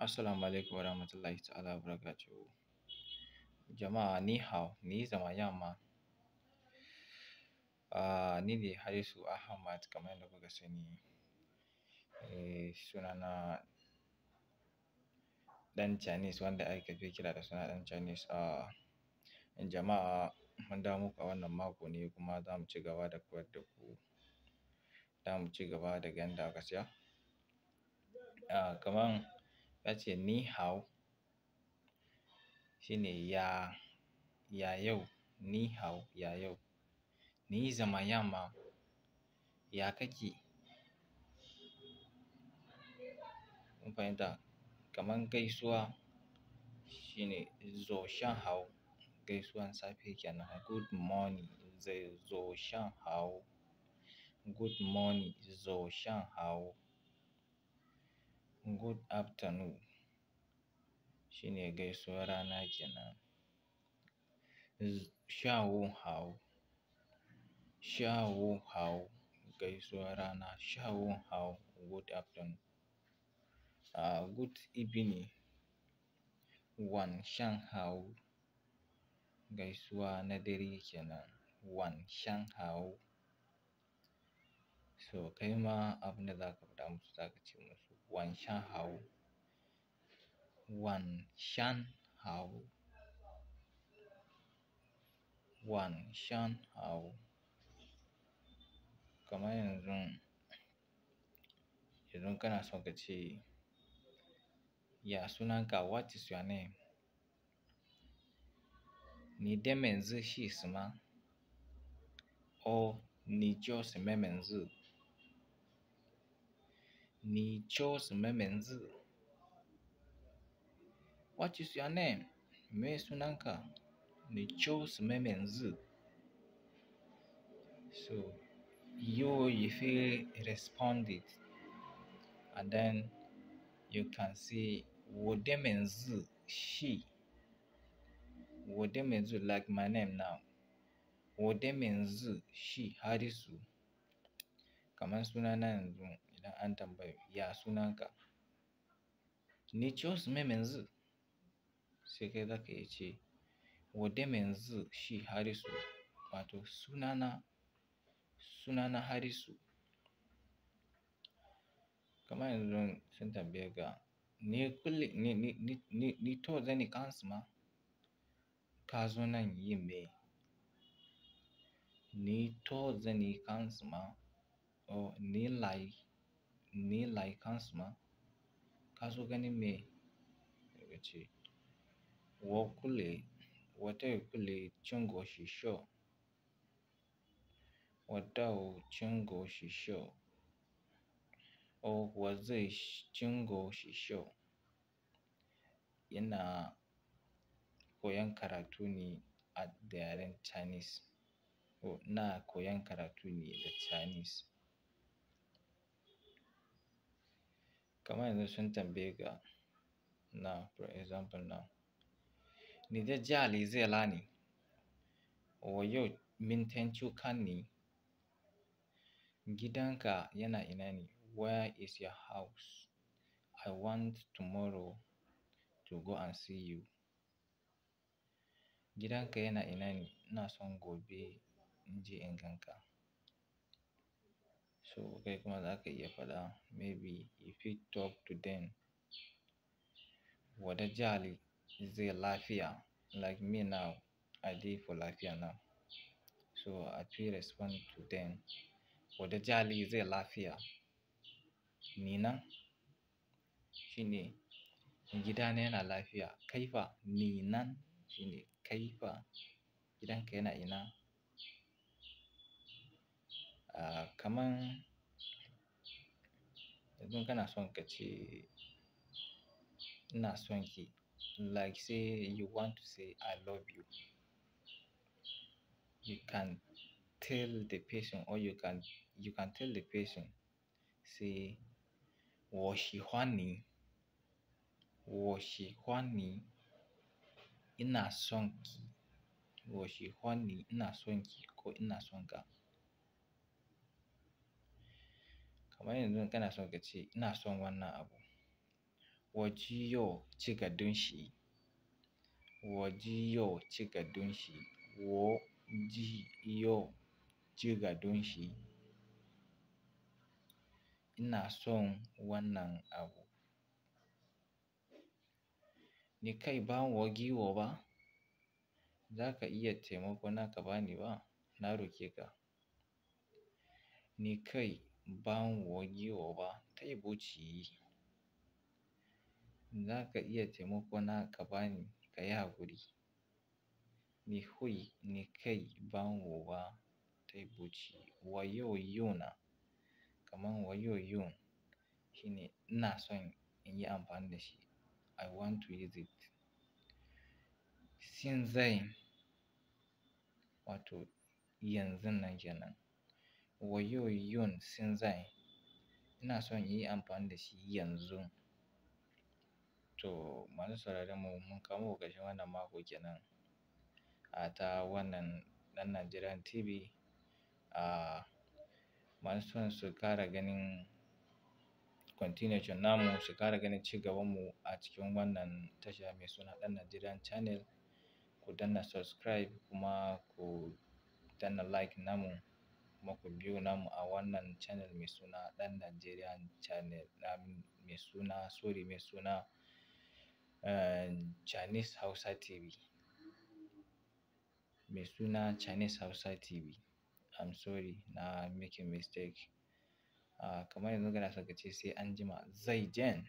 Assalamu alaikum warahmatullahi ta'ala wa Jama'a ni hao, ni zama yamma. Ah, ni ne Harisu Ahmad kamar yadda kuka sani. suna eh, sunana ɗan Chinese wanda aka fi kira da suna ɗan Chinese. a ah, jama'a mun dawo a wannan mako ne kuma za mu ci gaba da koyar da ku. Za mu ci gaba da ka ce ni hao shine ya, ya yau, ni hao ya yau. Ni zama yamma, ya kake? Kun fahimta? Kaman gaisuwa shine zo shan hao, gaisuwan safe kenan. Good morning, zo shan hao. Good morning, zo shan hao. Good afternoon shine gaisuwar rana kenan. shawuhau shawuhau gaisuwar rana. shawuhau good afternoon. Ah good evening. Wan shan hau gaisuwa na dare kenan. Wan shan hau. So kai ma abin da za ka faɗa musu za ka ce musu. 晚上好，晚上好，晚上好。咹样一种，一种跟他说，个去，也虽然讲我就算呢，你的名字是什么？哦，你叫什么名字？你叫什么名字？What is your name？没说那个，你叫什么名字？So you if you responded, and then you can see what the she. What the like my name now. What the she Harisu. idan an tambayi ya sunanka ni Jos Memenzu sai kai za ka iya ce Wade shi Harisu wato sunana sunana Harisu kamar yanzu sun tambaye ka ni kulli ni ni ni to zani kansu ma ka zo nan yin me ni to zani kansu ma oh ni layi me like hans ma ka so ganin me daga ce wa kule wata ya kule cin goshi sho wata wu cin goshi sho o wa zai cin goshi sho yana koyan karatu ne a da yaren Chinese. Na koyan karatu ne da Chinese. Kamar yanzu sun tambaye ka na for example dai Nije jali zai lani. Wa yau mintan kan ne. Gidanka yana ina ne? Where is your house? I want tomorrow to go and see you. Gidanka yana ina ne? Ina son gobe in je in ganka so kai kuma za ka iya faɗa maybe he talk to today wata jali zai lafiya like me now I dey for lafiya now so I fit respond to them wata jali zai lafiya ni nan shi ne gidana yana lafiya kai fa ni nan shi ne kai fa gidanka yana ina ah, kaman dunka na son ka ce ki like say you want to say I love you. You can tell the person or you can you can tell the person say Washihwani Washihwani ina son ki Washihwani ina son ki ko ina son kamar yanzu kana so ka ce ina son wannan abu wajiyo cika don shi wajiyo cika don shi wajiyo cika don shi ina son wannan abu ni kai ba wagiwo ba za ka iya taimako na ka bani ba na roke ka ni kai buci yi, za ka iya na ka bani ka yi haƙuri ni hui ni kai banwoba wa wayoyona kaman Shi ne ina son in yi amfani da shi I want to use it shin zai wato yanzu nan kenan Wayoyon Sinzai ina son in yi amfani da shi yanzu. To masu sauraron mu mun kawo muku ƙarshen wannan mako kenan a ta wannan ɗan Nigerian TV. A masu son su ƙara ganin continuation namu, su ƙara ganin cigaban mu a cikin wannan tasha mai suna ɗan Nigerian Channel. Ku danna subscribe kuma ku danna like namu. kuma ku biyo namu a wannan channel mai suna ɗan Najeriya channel mai suna sorry mai suna eh, Chinese Hausa TV mai suna Chinese Hausa TV I'm sorry na making mistake ah, kamar yanzu kana so ka ce sai anjima zai jen